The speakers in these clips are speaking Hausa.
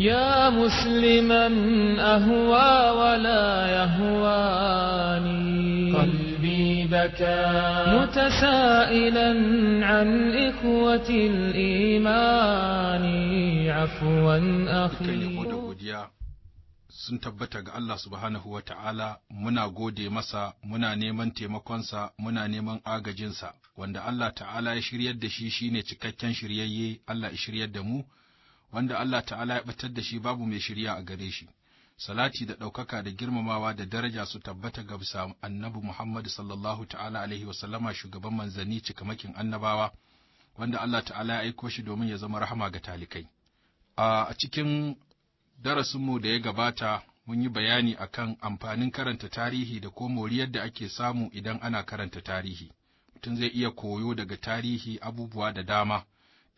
يا مسلما أهوى ولا يهواني قلبي بكى متسائلا عن إخوة الإيمان عفوا أخي sun tabbata ga Allah subhanahu wa ta'ala muna gode masa, muna neman taimakonsa, muna neman agajinsa, wanda Allah ta'ala ya shiryar da shi shine cikakken shiryayye, Allah ya shiryar da mu, wanda Allah ta'ala ya batar da shi babu mai shirya a gare shi. Salati da ɗaukaka da girmamawa da daraja su tabbata ga bisa annabi Muhammad sallallahu ta'ala alaihi wasallama shugaban Manzani, cikamakin annabawa, wanda Allah ta'ala ya aiko shi domin ya zama rahama ga talikai. A cikin darasinmu da ya gabata mun yi bayani akan amfanin karanta tarihi da ko moriyar da ake samu idan ana karanta tarihi. Mutum zai iya koyo daga tarihi abubuwa da dama.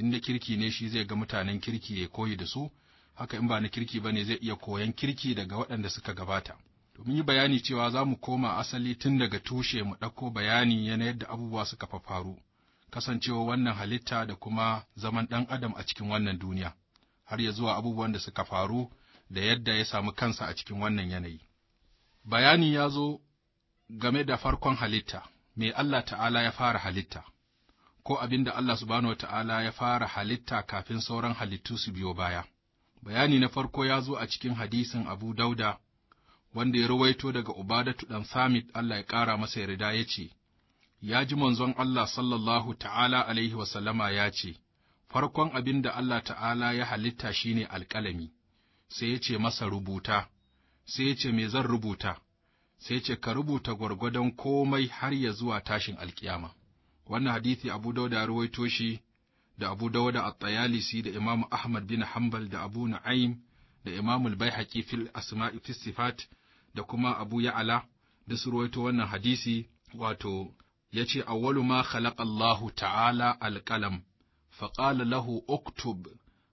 in na kirki ne shi zai ga mutanen kirki ya koyi da su haka in ba na kirki ba ne zai iya koyan kirki daga waɗanda suka gabata Domin yi bayani cewa za mu koma asali tun daga tushe mu ɗauko bayani yana yadda abubuwa suka faru-faru. kasancewa wannan halitta da kuma zaman ɗan adam a cikin wannan duniya har ya zuwa abubuwan da suka faru da yadda ya samu kansa a cikin wannan yanayi bayani ya zo game da farkon halitta me Allah ta'ala ya fara halitta ko abin da Allah subhanahu wa ta'ala ya fara halitta kafin sauran halittu su biyo baya. Bayani na farko ya zo a cikin hadisin Abu Dauda, wanda ya rawaito daga Ubadatu ɗan Samit Allah ya ƙara masa yarda ya ce, Ya ji manzon Allah sallallahu ta'ala alaihi wasallama ya ce, Farkon abin da Allah ta'ala ya halitta shi ne alƙalami, sai ya ce masa rubuta, sai ya ce me zan rubuta, sai ya ce ka rubuta gwargwadon komai har ya zuwa tashin alƙiyama. wannan hadisi Abu Dawud ya ruwaito shi da Abu Dawud at-Tayalisi da Imam Ahmad bin Hanbal da Abu Nu'aym da Imam al-Baihaqi fil Asma'i fis Sifat da kuma Abu Ya'la da su ruwaito wannan hadisi wato yace awwalu ma khalaqa Allahu ta'ala al-qalam فقال له اكتب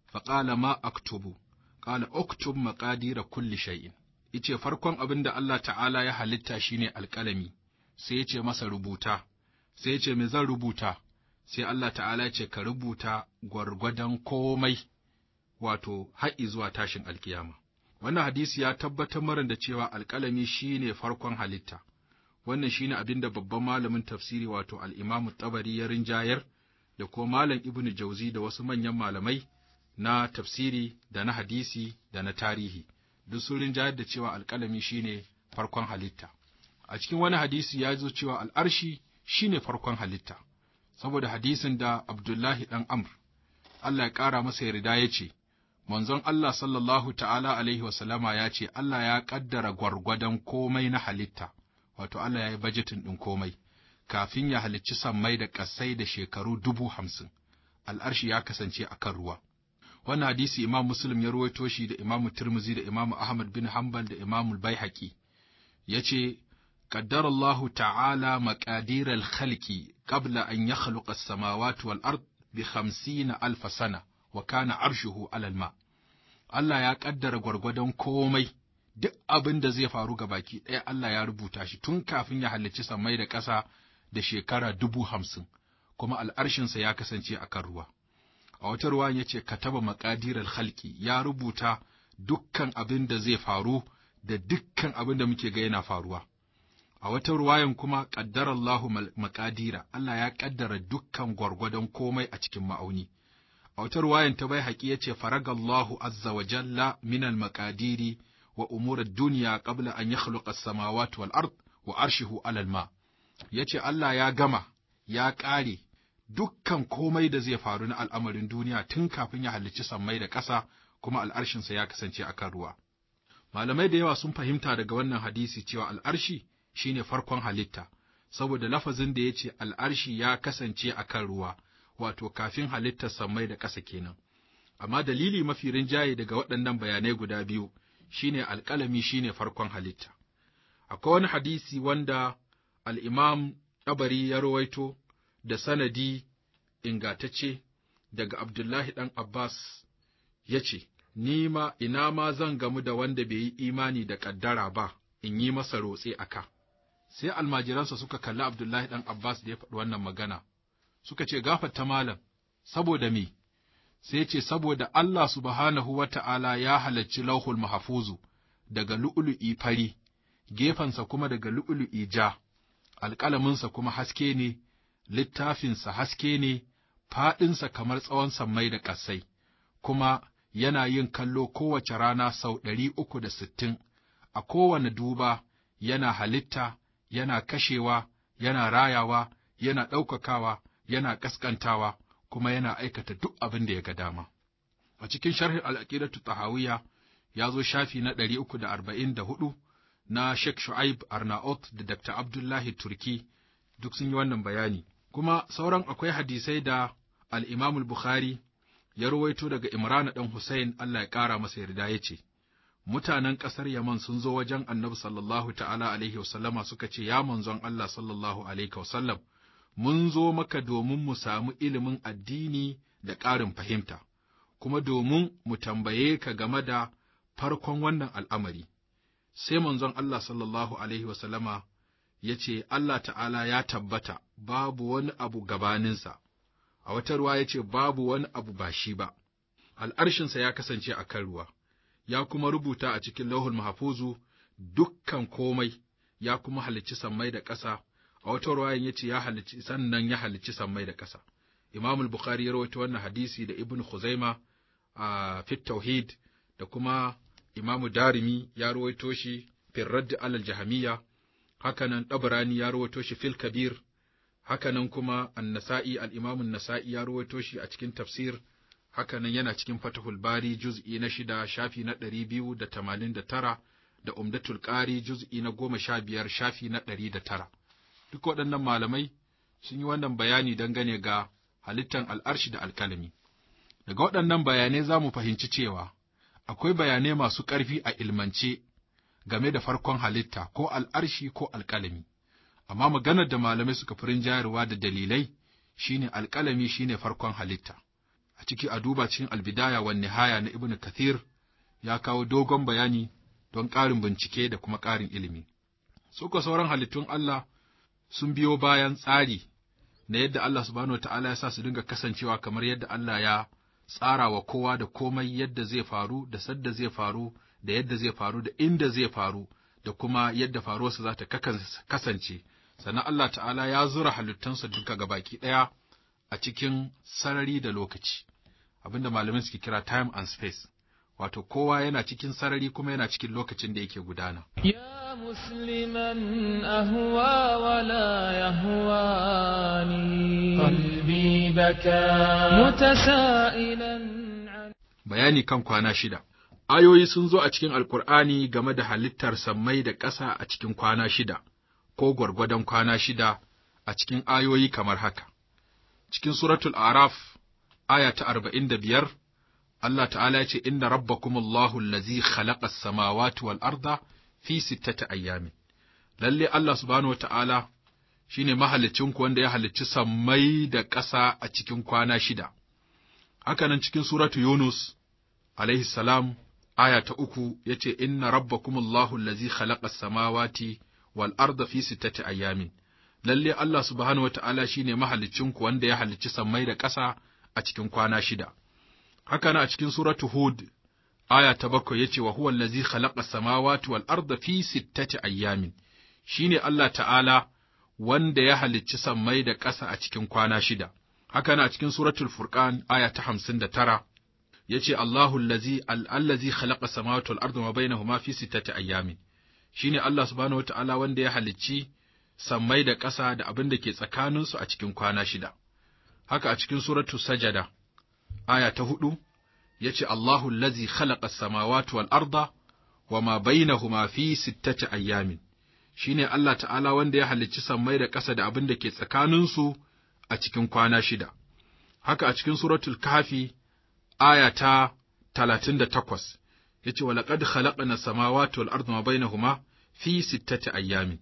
فقال ما اكتب قال اكتب مقادير كل شيء yace farkon abin da Allah ta'ala ya halitta shine alƙalami sai yace masa rubuta sai ce me zan rubuta sai Allah ta'ala ce ka rubuta gwargwadon komai wato haƙi zuwa tashin alkiyama wannan hadisi ya tabbatar mara da cewa alƙalami shine farkon halitta wannan shine abin da babban malamin tafsiri wato al-Imam Tabari ya rinjayar da kuma malam Ibn Jauzi da wasu manyan malamai na tafsiri da na hadisi da na tarihi duk sun rinjayar da cewa alƙalami shine farkon halitta a cikin wani hadisi ya zo cewa al'arshi shi ne farkon halitta, saboda hadisin da Abdullahi ɗan Amr, Allah ya ƙara masa yarda ya ce, Manzon Allah sallallahu ta'ala alaihi wasallama ya ce, Allah ya ƙaddara gwargwadon komai na halitta, wato Allah ya yi bajetin ɗin komai, kafin ya halicci sammai da ƙasai da shekaru dubu hamsin, al'arshi ya kasance a kan ruwa. Wannan hadisi Imam Muslim ya ruwaito shi da Imam Tirmizi da Imam Ahmad bin Hanbal da Imam Baihaqi. ya ce, قدر الله تعالى مقادير الخلق قبل أن يخلق السماوات والأرض بخمسين ألف سنة وكان عرشه على الماء Allah ya ƙaddara gwargwadon komai duk abin da zai faru ga baki ɗaya Allah ya rubuta shi tun kafin ya halicci samai da ƙasa da shekara dubu hamsin, kuma al'arshinsa ya kasance a kan ruwa. A wata ruwa ya ce, ka Kataba maƙadirar halki ya rubuta dukkan abin da zai faru da dukkan abin da muke ga yana faruwa. A wata ruwayan kuma ƙaddarallahu maƙadira, Allah ya ƙaddara dukkan gwargwadon komai a cikin ma'auni. A wata ruwayan ta bai haƙi ya ce, Faragallahu azza wa jalla minal makadiri wa umurar duniya ƙabla an yakhluqa samawatu wal ard wa arshihu alal ma. Ya ce Allah ya gama, ya ƙare dukkan komai da zai faru na al'amarin duniya tun kafin ya halicci sammai da ƙasa kuma al'arshinsa ya kasance a kan ruwa. Malamai da yawa sun fahimta daga wannan hadisi cewa al'arshi shine farkon halitta, saboda lafazin da ya ce al'arshi ya kasance a kan ruwa, wato kafin halittar sammai da ƙasa kenan. Amma dalili mafi rinjaye daga waɗannan bayanai guda biyu shine alƙalami shine farkon halitta. Akwai wani hadisi wanda al'imam ɗabari ya rawaito da sanadi ingatacce daga Abdullahi ɗan Abbas ya ce, Ni ina ma zan gamu da wanda bai yi imani da ƙaddara ba, in yi masa rotse a ka. sai almajiransa suka kalli Abdullahi ɗan Abbas da ya faɗi wannan magana, suka ce, Gafarta malam, saboda me? Sai ce, saboda Allah subhanahu wa ta'ala ya halarci lauhul mahafuzu daga lu'ulu'i fari, gefensa kuma daga lu'ulu'i ja, alƙalaminsa kuma haske ne, littafinsa haske ne, faɗinsa kamar tsawon sammai da ƙasai, kuma yana yin kallo kowace rana sau ɗari uku da sittin, a kowane duba yana halitta yana kashewa, yana rayawa, yana ɗaukakawa, yana ƙasƙantawa, kuma yana aikata duk abin da ya ga dama. A cikin sharhin al'aƙidatu tahawiyya ya zo shafi na ɗari uku da arba'in da hudu na Sheikh Shu'aib Arnaut da Dr. Abdullahi Turki duk sun yi wannan bayani. Kuma sauran akwai hadisai da al'imamul Bukhari ya ruwaito daga Imrana ɗan Hussein Allah ya ƙara masa yarda ya ce, mutanen ƙasar Yaman sun zo wajen annabi sallallahu ta'ala alaihi wasallama suka ce, Ya manzon Allah sallallahu alaihi wasallam, mun zo maka domin mu samu ilimin addini da ƙarin fahimta, kuma domin mu tambaye ka game da farkon wannan al'amari. Sai manzon Allah sallallahu alaihi wasallama ya ce, Allah ta'ala ya tabbata, babu wani abu gabaninsa, a wata ruwa ya ce, babu wani abu ba shi ba, al'arshinsa ya kasance a kan ruwa. ya kuma rubuta a cikin lauhul mahafuzu dukkan komai, ya kuma halicci sammai da ƙasa, a wata ruwayan ya ce ya halicci sannan ya halicci sammai da ƙasa. imamu Bukhari ya rawaita wannan hadisi da Ibn Khuzaima a fit tauhid da kuma imamu Darimi ya rawaito shi fil radd alal jahamiyya hakanan Dabrani ya rawaito shi fil kabir hakanan kuma An-Nasa'i al imamu An-Nasa'i ya rawaito shi a cikin tafsir hakanan yana cikin Fatahul Bari juz'i na shida shafi na ɗari biyu da tamanin da tara da Umdatul Ƙari juz'i na goma sha biyar shafi na ɗari da tara. Duk waɗannan malamai sun yi wannan bayani dangane ga halittan al'arshi da alkalami. Daga waɗannan bayanai za mu fahimci cewa akwai bayanai masu ƙarfi a ilmance game da farkon halitta ko al'arshi ko alkalami. Amma maganar da malamai suka fi jayarwa da dalilai shine alkalami shine farkon halitta. a ciki a duba cikin albidaya wa haya na Ibn Kathir ya kawo dogon bayani don ƙarin bincike da kuma ƙarin ilimi. Suka sauran halittun Allah sun biyo bayan tsari na yadda Allah subhanahu wa ta'ala ya sa su dinga kasancewa kamar yadda Allah ya tsara wa kowa da komai yadda zai faru da sadda zai faru da yadda zai faru da inda zai faru da kuma yadda faruwarsa za ta kasance. Sannan Allah ta'ala ya zura halittunsa duka ga baki ɗaya a cikin sarari da lokaci. Abin da malamai suke kira time and space wato kowa yana cikin sarari kuma yana cikin lokacin da yake gudana ya musliman ahwa wa la yahwani qalbi baka mutasailan bayani kan kwana shida ayoyi sun zo a cikin alkur'ani game da halittar sammai da ƙasa a cikin kwana shida ko gwargwadon kwana shida a cikin ayoyi kamar haka cikin suratul araf aya ta arba'in da biyar, Allah ta'ala ya ce, Inna rabbakumullahu lazi khalaqa samawati wal arda fi sittati ayyamin. Lalle Allah subhanahu Ta'ala shi ne mahalicinku wanda ya halicci sammai da ƙasa a cikin kwana shida. Hakanan cikin suratu Yunus, alaihi salam, aya ta uku ya ce, Inna rabbakumullahu lazi khalaqa samawati wal arda fi sittati ayyamin. Lalle Allah subhanahu Ta'ala shi ne mahalicinku wanda ya halicci sammai da ƙasa a cikin kwana shida. Haka na a cikin suratu Hud, aya ta bakwai ya ce wa huwa allazi khalaqa samawati wal arda fi sittati ayyamin. Shine Allah Ta'ala wanda ya halicci sammai da ƙasa a cikin kwana shida. Haka na a cikin suratul Furqan aya ta hamsin da tara ya ce Allahu allazi allazi khalaqa samawati wal arda ma bainahuma fi sittati ayyamin. Shine Allah subhanahu wa ta'ala wanda ya halicci sammai da ƙasa da abin da ke tsakaninsu a cikin kwana shida. haka a cikin suratu sajada aya ta hudu ya ce Allahu lazi khalaqa samawati wal arda wa ma bainahuma fi sittati ayyamin shine Allah ta'ala wanda ya halicci sammai da ƙasa da abin da ke tsakaninsu a cikin kwana shida haka a cikin suratul kafi aya ta talatin da takwas ya ce walaƙad khalaqna samawati wal arda ma bainahuma fi sittati ayyamin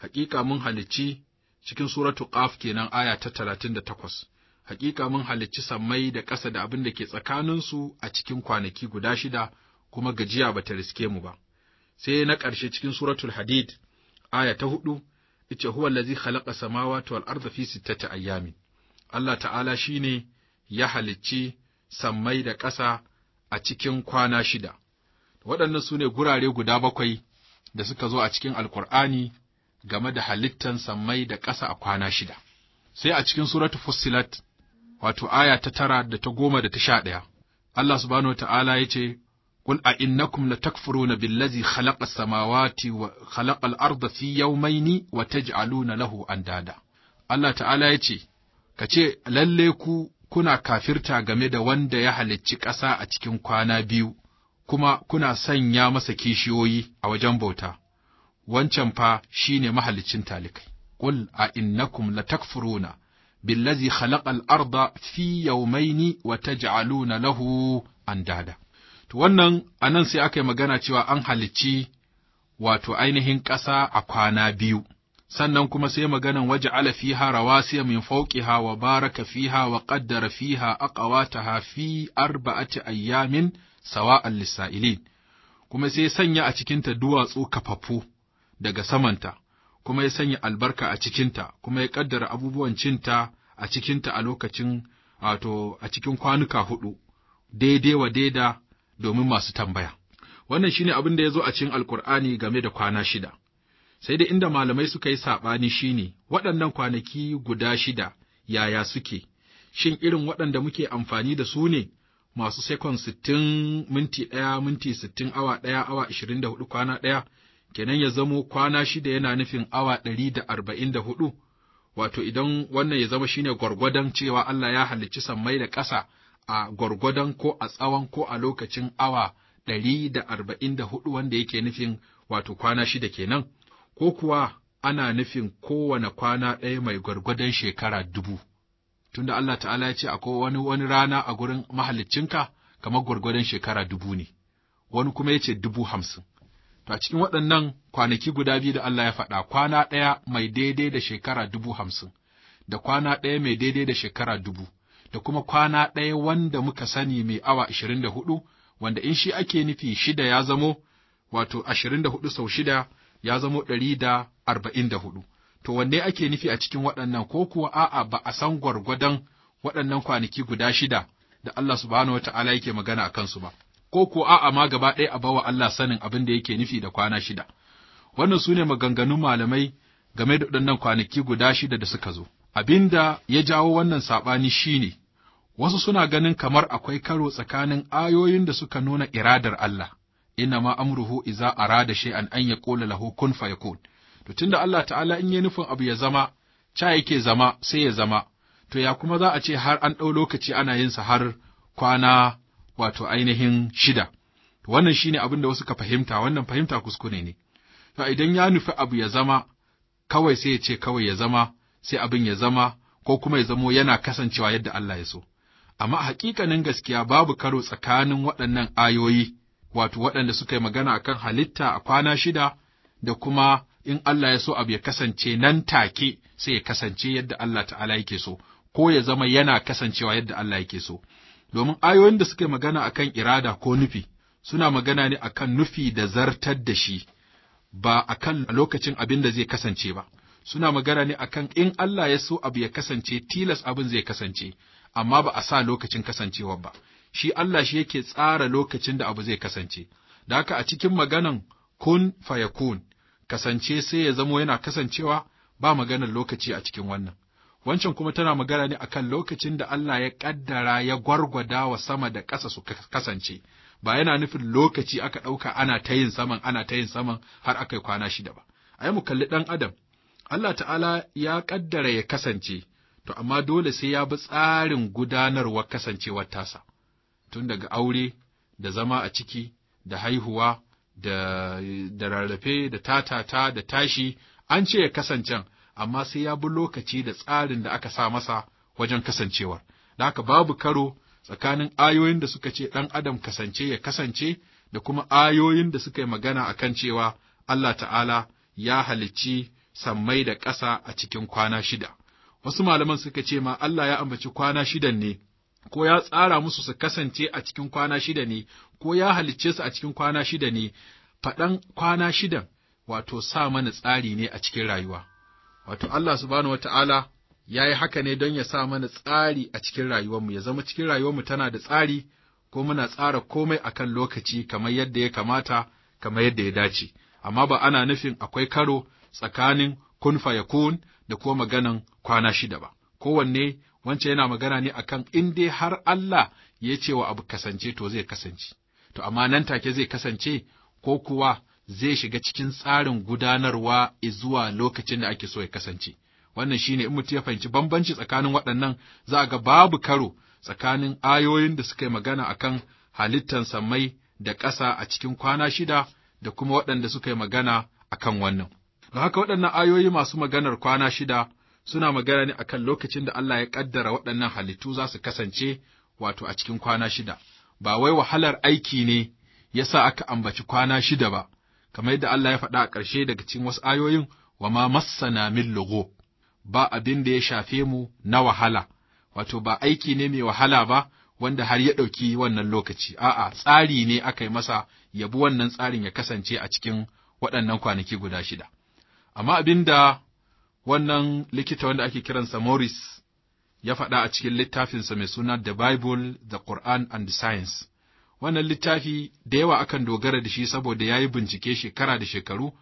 haƙiƙa mun halicci cikin suratu qaf kenan aya ta talatin da takwas hakika mun halicci sammai da ƙasa da abin da ke tsakaninsu a cikin kwanaki guda shida, kuma gajiya ba ta riske mu ba. Sai na ƙarshe cikin suratul Hadid, aya ta hudu, ita huwa lazi khalaqa samawati wal arda fi sittati ayyami. Allah ta'ala shine ya halicci sammai da ƙasa a cikin kwana shida. Waɗannan su ne gurare guda bakwai da suka zo a cikin Alƙur'ani game da halittan sammai da ƙasa a kwana shida. Sai a cikin suratu Fussilat wato aya ta tara da ta goma da ta sha ɗaya. Allah subhanahu wa ta'ala ya ce, Kul a innakum la takfuruna billazi khalaqa samawati wa khalaqa al-arda fi yawmayni wa taj'aluna lahu andada. Allah ta'ala ya ce, Ka ce, lalle ku kuna kafirta game da wanda ya halicci ƙasa a cikin kwana biyu, kuma kuna sanya masa kishiyoyi a wajen bauta, wancan fa shi ne mahaliccin talikai. Kul a innakum la takfuruna billazi khalaqal arda fi yawmaini wa taj'aluna lahu andada to wannan anan sai aka yi magana cewa an halicci wato ainihin ƙasa a kwana biyu sannan kuma sai maganan waje ala fiha rawasiya min fawqiha wa baraka fiha wa qaddara fiha aqwataha fi arba'ati ayyamin sawa'an lisa'ilin kuma sai sanya a cikinta duwatsu kafafu daga samanta kuma ya sanya albarka a cikinta kuma ya kaddara abubuwan cinta a cikinta a lokacin wato a cikin kwanuka huɗu daidai wa daida domin masu tambaya. Wannan shine abin da ya zo a cikin Alkur'ani game da kwana shida. Sai dai inda malamai suka yi saɓani shine waɗannan kwanaki guda shida yaya suke, shin irin waɗanda muke amfani da su ne masu sekon sittin minti ɗaya minti sittin awa ɗaya awa ashirin da hudu kwana ɗaya kenan ya zamo kwana shida yana nufin awa ɗari da arba'in da hudu wato idan wannan ya zama shine gwargwadon cewa Allah ya halicci sammai da ƙasa a gwargwadon ko a tsawon ko a lokacin awa ɗari da arba'in da hudu wanda yake nufin wato kwana shida kenan, ko kuwa ana nufin kowane kwana ɗaya mai gwargwadon shekara dubu. Tunda Allah ta'ala ya ce akwai wani wani rana a gurin mahaliccinka kamar gwargwadon shekara dubu ne, wani kuma ya ce dubu hamsin. To a cikin waɗannan kwanaki guda biyu da Allah ya faɗa kwana ɗaya mai daidai da shekara dubu hamsin, da kwana ɗaya mai daidai da shekara dubu, da kuma kwana ɗaya wanda muka sani mai awa ashirin da hudu, wanda in shi ake nufi shida ya zamo, wato ashirin da hudu sau shida ya zamo ɗari da arba'in da hudu. To wanne ake nufi a cikin waɗannan ko kuwa a'a ba a san gwargwadon waɗannan kwanaki guda shida da Allah subhanahu wa ta'ala yake magana a kansu ba. ko ko a'a ma gaba ɗaya a bawa Allah sanin abin da yake nufi da kwana shida. Wannan su ne maganganun malamai game da waɗannan kwanaki guda shida da suka zo. Abin da ya jawo wannan saɓani shi ne, wasu suna ganin kamar akwai karo tsakanin ayoyin da suka nuna iradar Allah, Ina ma amruhu iza arada shay'an an ƙola lahu kun fayakun. To tunda Allah ta'ala in ya nufin abu ya zama, ca yake zama sai ya zama, to ya kuma za a ce har an ɗau lokaci ana yin sa har kwana wato ainihin shida. Wannan shi ne abin da wasu ka fahimta, wannan fahimta kuskure ne. To idan ya nufi abu ya zama, kawai sai ya ce kawai ya zama, sai abin ya zama, ko kuma ya zamo yana kasancewa yadda Allah ya so. Amma hakikanin gaskiya babu karo tsakanin waɗannan ayoyi, wato waɗanda suka yi magana a kan halitta a kwana shida, da kuma in Allah ya so abu ya kasance nan take sai ya kasance yadda Allah ta'ala yake so, ko ya zama yana kasancewa yadda Allah yake so. domin ayoyin da suke magana a kan irada ko nufi suna magana ne a kan nufi da zartar da shi, ba a kan lokacin abin da zai kasance ba. Suna magana ne a kan in Allah ya so abu ya kasance tilas abin zai kasance, amma ba a sa lokacin kasancewar ba. Shi Allah shi yake tsara lokacin da abu zai kasance. Da haka a cikin maganan kun fayakun kasance sai ya zamo yana kasancewa ba maganar lokaci a cikin wannan. wancan kuma tana magana ne a kan lokacin da Allah ya ƙaddara ya gwargwada wa sama da ƙasa su kasance, ba yana nufin lokaci aka ɗauka ana ta yin saman ana ta yin saman har aka yi kwana shida ba. A yi mu kalli ɗan Adam, Allah ta'ala ya ƙaddara ya kasance, to amma dole sai ya bi tsarin gudanarwar kasancewar tasa, tun daga aure, da zama a ciki, da haihuwa, da, da rarrafe, da tatata, da tashi, an ce ya kasancen, amma sai ya bi lokaci da tsarin da aka sa masa wajen kasancewar. Da haka babu karo tsakanin ayoyin da suka ce ɗan adam kasance ya kasance da kuma ayoyin da suka yi magana a kan cewa Allah ta'ala ya halicci sammai da ƙasa a cikin kwana shida. Wasu malaman suka ce ma Allah ya ambaci kwana shidan ne, ko ya tsara musu su kasance a cikin kwana shida ne, ko ya halicce su a cikin kwana shida ne, faɗan kwana shidan wato sa mana tsari ne a cikin rayuwa. wato Allah subhanahu wata'ala ya yi haka ne don ya sa mana tsari a cikin rayuwarmu ya zama cikin rayuwarmu tana da tsari ko muna tsara komai akan lokaci kamar yadda ya kamata kamar yadda ya dace amma ba ana nufin akwai karo tsakanin kun da kuma maganan kwana shida ba kowanne wancan yana magana ne akan in dai har Allah ya ce wa abu kasance to zai kasance to amma nan take zai kasance ko kuwa zai shiga cikin tsarin gudanarwa zuwa lokacin da ake so ya kasance. Wannan shine in mutum ya fahimci bambanci tsakanin waɗannan za a ga babu karo tsakanin ayoyin da suka yi magana a kan halittan samai da ƙasa a cikin kwana shida da kuma waɗanda suka yi magana a kan wannan. Don haka waɗannan ayoyi masu maganar kwana shida suna magana ne akan lokacin da Allah ya ƙaddara waɗannan halittu za su kasance wato a cikin kwana shida. Ba wai wahalar aiki ne ya sa aka ambaci kwana shida ba, kamar yadda Allah ya faɗa a ƙarshe daga cikin wasu ayoyin wa ma massana min logo, ba abin da ya shafe mu na wahala wato ba aiki ne mai wahala ba wanda har ya ɗauki wannan lokaci a'a tsari ne aka yi masa ya bi wannan tsarin ya kasance a cikin waɗannan kwanaki guda shida amma abin da wannan likita wanda ake kiransa Morris ya faɗa a cikin littafinsa mai suna The Bible, The Quran and the Science Wannan littafi da yawa akan dogara da shi saboda ya yi bincike shekara da shekaru,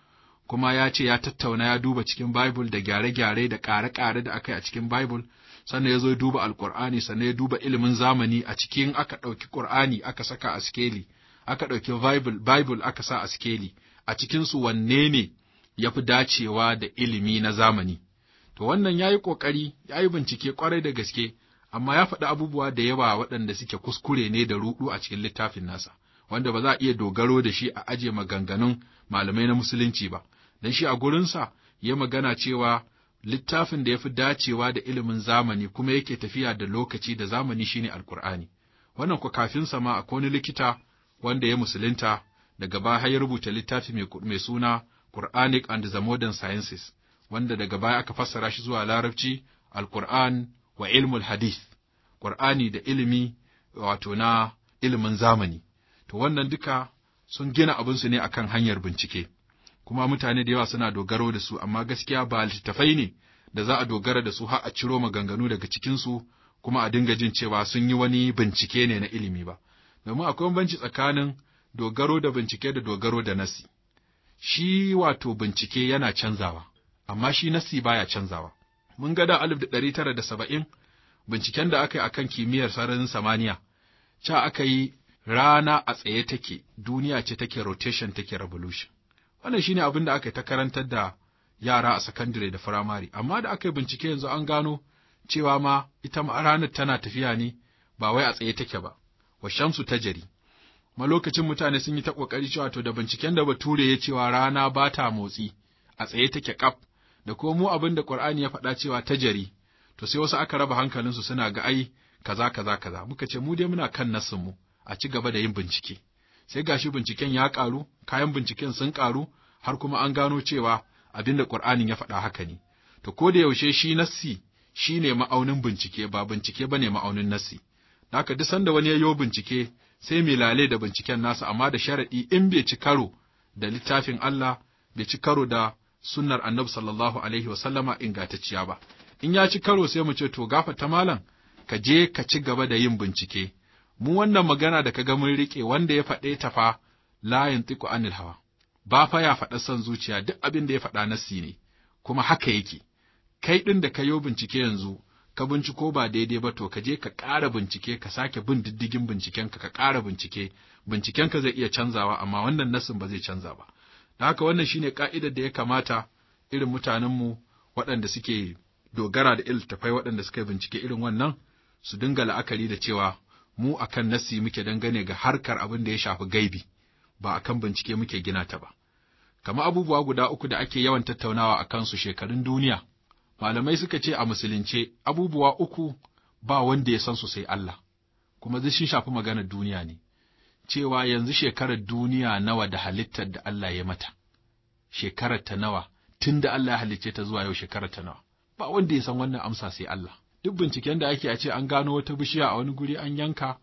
kuma ya ce ya tattauna ya duba cikin Bible da gyare-gyare da ƙare-ƙare da aka yi a cikin Bible, sannan ya zo ya duba Alƙur'ani, sannan ya duba ilimin zamani a cikin aka ɗauki Ƙur'ani aka saka a skeli, aka ɗauki Bible, aka sa a skeli, a cikinsu wanne ne ya fi dacewa da ilimi na zamani. To wannan ya yi ƙoƙari, ya yi bincike ƙwarai da gaske, amma ya faɗi abubuwa da yawa waɗanda suke kuskure ne da ruɗu a cikin littafin nasa, wanda ba za a iya dogaro da shi a aje maganganun malamai na musulunci ba, don shi a gurinsa ya magana cewa littafin da ya fi dacewa da ilimin zamani kuma yake tafiya da lokaci da zamani shine alkur'ani wannan kwa kafin sama a wani likita wanda ya musulunta daga baya ya rubuta littafi mai suna Quranic and the Modern Sciences wanda daga baya aka fassara shi zuwa larabci al wa ilmul hadith, ƙur'ani da ilimi wato na ilimin zamani. To wannan duka sun gina abinsu ne akan hanyar bincike, kuma mutane da yawa suna dogaro da su, amma gaskiya ba littattafai ne da za a dogara da su har a ciro maganganu daga cikinsu kuma a dinga jin cewa sun yi wani bincike ne na ilimi ba. Domin akwai banci tsakanin dogaro da bincike da dogaro da nasi. Shi wato bincike yana canzawa, amma shi nasi baya canzawa. Mun ga da alif da ɗari tara da saba'in binciken da aka yi a kan kimiyyar sararin samaniya, ca aka yi rana a tsaye take, duniya ce take rotation take revolution. Wannan shine abin da aka yi ta karantar da yara a sakandare da firamare, amma da aka yi bincike yanzu an gano cewa ma ita ma ranar tana tafiya ne ba wai a tsaye take ba, wa shamsu ta jari. Ma lokacin mutane sun yi ta ƙoƙari cewa to da binciken da bature ya cewa rana ba ta motsi a tsaye take ƙaf da kuma mu abin da Qur'ani ya faɗa cewa ta jari, to sai wasu aka raba hankalinsu suna ga ai kaza kaza kaza muka ce mu dai muna kan nassin mu a ci gaba da yin bincike sai gashi binciken ya ƙaru, kayan binciken sun ƙaru, har kuma an gano cewa abin da ƙur'anin ya faɗa haka ne to ko da yaushe shi nassi shi ne ma'aunin bincike ba bincike ne ma'aunin nassi haka duk sanda wani ya yo bincike sai mai lale da binciken nasa amma da sharaɗi in bai ci karo da littafin Allah bai ci karo da sunnar annabi sallallahu alaihi wasallama ingantacciya ba. In ya ci karo sai mu ce to ta malam ka je ka ci gaba da yin bincike. Mu wannan magana da ka ga mun rike wanda ya faɗe ta fa layin tiku anil hawa. Ba fa ya faɗa son zuciya duk abin da ya faɗa nasi ne, kuma haka yake. Kai ɗin da ka yo bincike yanzu, ka binciko ba daidai ba to ka je ka ƙara bincike ka sake bin diddigin bincikenka ka ƙara bincike bincikenka zai iya canzawa amma wannan nasin ba zai canza ba Da haka wannan shine ƙa'idar da ya kamata irin mutanenmu waɗanda suke dogara da iltafai waɗanda suka bincike irin wannan su dinga la'akari da cewa mu akan nasi muke dangane ga harkar abin da ya shafi gaibi ba akan bincike muke gina ta ba. Kama abubuwa guda uku da ake yawan tattaunawa a kansu shekarun duniya, malamai suka ce a musulunce abubuwa uku ba wanda ya san su sai Allah, kuma zai shafi maganar duniya ne. cewa yanzu shekarar duniya nawa da halittar da Allah ya mata, shekarar ta nawa, tun da Allah ya halicce ta zuwa yau shekarar ta nawa. Ba wanda ya san wannan amsa sai Allah. Duk binciken da ake a ce an gano wata bishiya a wani guri an yanka,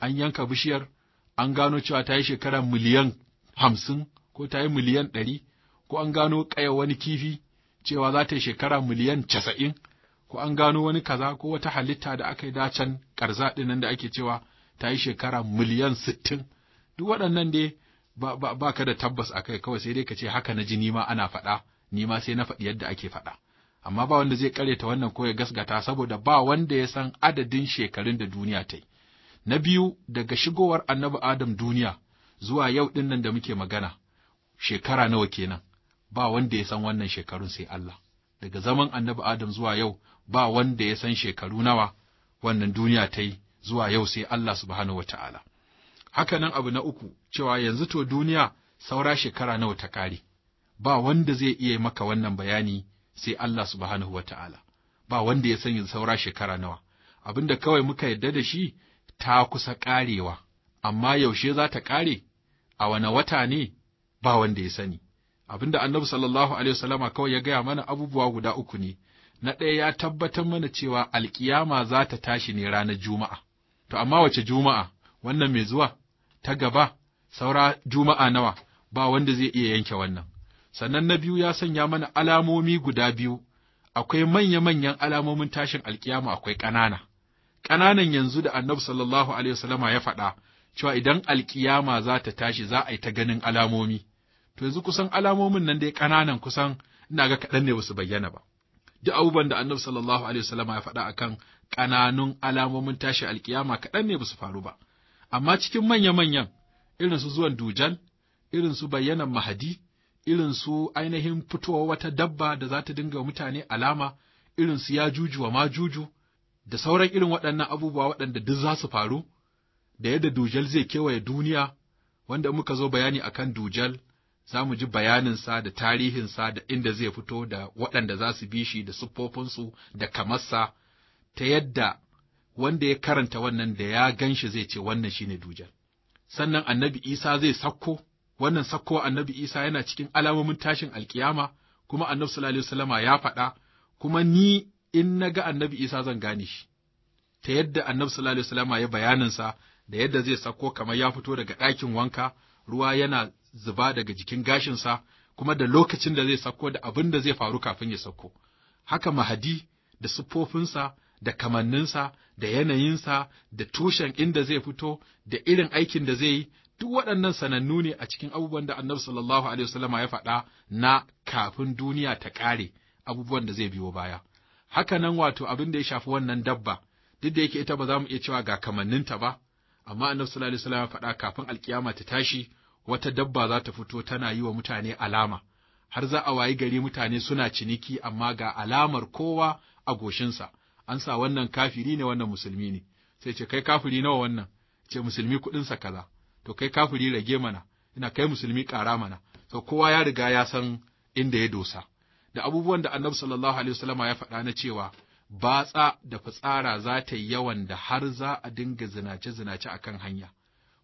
an yanka bishiyar, an gano cewa ta yi shekara miliyan hamsin ko ta yi miliyan ɗari, ko an gano ƙaya wani kifi cewa za ta yi shekara miliyan casa'in, ko an gano wani kaza ko wata halitta da aka yi dacen ƙarza ɗinan da ake cewa ta yi shekara miliyan sittin duk waɗannan dai ba, ba, ba ka da tabbas a kai kawai sai dai ka ce haka na ji nima ana faɗa nima sai na faɗi yadda ake faɗa amma ba wanda zai karyata wannan ko ya gasgata saboda ba wanda ya san adadin shekarun da duniya ta yi na biyu daga shigowar annabi adam duniya zuwa yau ɗin nan da muke magana shekara nawa kenan ba wanda ya san wannan shekarun sai Allah daga zaman annabi adam zuwa yau ba wanda ya san shekaru nawa wannan duniya ta yi zuwa yau sai Allah subhanahu ta'ala. Haka nan abu na uku cewa yanzu to duniya saura shekara nawa ta ƙare. ba wanda zai iya maka wannan bayani sai Allah subhanahu ta'ala. ba wanda ya san yin saura shekara nawa, abin da kawai muka yarda da shi ta kusa ƙarewa, amma yaushe za ta ƙare, a wane wata ne ba wanda ya sani. Abin da annabi sallallahu alaihi wasallama kawai ya gaya mana abubuwa guda uku ne, na ɗaya ya tabbatar mana cewa alkiyama za ta tashi ne ranar Juma'a. To, amma wace juma'a, wannan mai zuwa, ta gaba, saura juma'a nawa, ba wanda zai iya yanke wannan. Sannan na biyu ya sanya mana alamomi guda biyu, akwai manya-manyan alamomin tashin alkiyama akwai ƙanana. Ƙananan yanzu da annabi sallallahu alaihi wasallama ya faɗa, cewa idan alkiyama za ta tashi za a yi ta ganin alamomi. To yanzu kusan alamomin nan dai ƙananan kusan ina ga kaɗan ne ba su bayyana ba. duk abubuwan da annabi sallallahu alaihi wasallama ya faɗa akan ƙananun alamomin tashi alkiyama kaɗan ne ba su faru ba, amma cikin manya-manyan irin su zuwan dujan, irin su bayyanan mahadi, irin su ainihin fitowa wata dabba da za ta dinga mutane alama, irin su ya juju wa ma juju, da sauran irin waɗannan abubuwa waɗanda duk za su faru, da yadda dujal zai kewaye duniya, wanda muka zo bayani akan dujal, za mu ji bayaninsa da tarihinsa da inda zai fito da waɗanda za su bi shi da siffofinsu da kamarsa ta yadda wanda ya karanta wannan da ya gan shi zai ce wannan shine dujan. Sannan annabi Isa zai sakko, wannan sakko annabi Isa yana cikin alamomin tashin alkiyama, kuma annabi sallallahu alaihi ya faɗa, kuma ni in na ga annabi Isa zan gane shi. Ta yadda annabi sallallahu alaihi ya bayaninsa da yadda zai sakko kamar ya fito daga ɗakin wanka, ruwa yana zuba daga jikin gashinsa, kuma da lokacin da zai sakko da abin da zai faru kafin ya sakko. Haka Mahadi da siffofinsa da kamanninsa, da yanayinsa, da tushen inda zai fito, da irin aikin da zai yi, duk waɗannan sanannu ne a cikin abubuwan da annabi sallallahu alaihi wasallama ya faɗa na kafin duniya ta ƙare abubuwan da zai biyo baya. Haka nan wato abin da ya shafi wannan dabba, duk da yake ita ba za mu iya cewa ga kamanninta ba, amma annabi sallallahu alaihi wasallama ya faɗa kafin alkiyama ta tashi wata dabba za ta fito tana yi wa mutane alama. har za a wayi gari mutane suna ciniki amma ga alamar kowa a goshinsa, an sa wannan kafiri ne wannan musulmi ne sai ce kai kafiri nawa wannan ce musulmi kuɗinsa kaza to kai kafiri rage mana ina kai musulmi kara mana to kowa ya riga ya san inda ya dosa da abubuwan da annabi sallallahu alaihi wasallama ya faɗa na cewa batsa da fitsara za ta yi yawan da har za a dinga zinace-zinace akan hanya.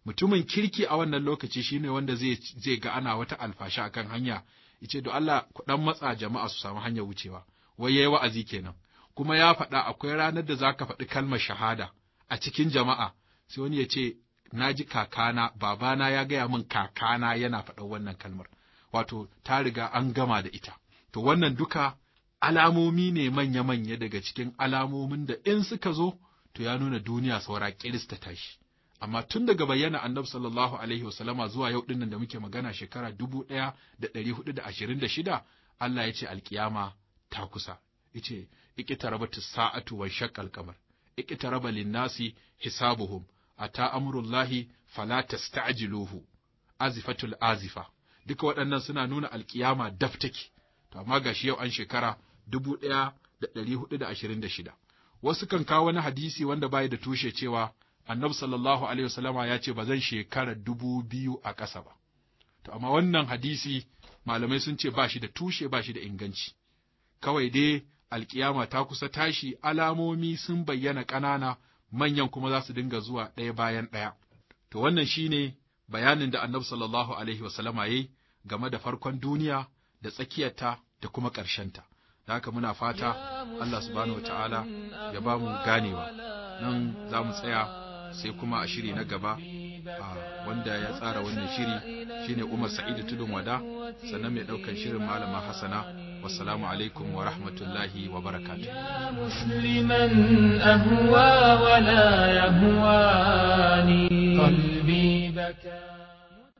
Mutumin kirki a wannan lokaci shine wanda zai ga ana wata alfashi akan hanya, ice do Allah ku ɗan matsa jama'a su samu hanyar wucewa, wai yayi wa'azi kenan. kuma ya faɗa akwai ranar da za ka faɗi kalmar shahada a cikin jama'a, sai wani ya ce, Na ji kakana, babana ya gaya min kakana yana faɗa wannan kalmar, wato, ta riga an gama da ita. To, wannan duka alamomi ne manya-manya daga cikin alamomin da in suka zo, to ya nuna duniya saura kirista tashi. Amma tun daga bayyana annabi sallallahu alaihi wasallama zuwa yau ɗinnan da muke magana shekara dubu ɗaya da ɗari hudu da ashirin da shida, Allah ya ce alkiyama ta kusa. Ice, iqtarabat as-sa'atu wa shaqqal qamar iqtaraba lin-nasi hisabuhum ata amrullahi fala tasta'jiluhu azifatul azifa duka waɗannan suna nuna alkiyama daf take to amma gashi yau an shekara 1426 wasu kan kawo wani hadisi wanda bai da tushe cewa annabi sallallahu alaihi wasallama ya ce ba zan shekara dubu biyu a ƙasa ba to amma wannan hadisi malamai sun ce ba shi da tushe ba shi da inganci kawai dai alkiyama ta kusa tashi alamomi sun bayyana ƙanana manyan kuma za su dinga zuwa ɗaya bayan ɗaya. To wannan shi ne bayanin da annabi sallallahu alaihi wasallama ya yi game da farkon duniya da tsakiyarta da kuma ƙarshenta. Da haka muna fata Allah subhanahu wa ta'ala ya ba mu ganewa. Nan za mu tsaya sai kuma a shiri na gaba a wanda ya tsara wannan shiri shine Umar Sa'idu Tudun Wada sannan mai ɗaukan shirin Malama Hassana wasalamu alaikum wa rahmatullahi wa barakatuh musliman ahwa wa la yahwani qalbi baka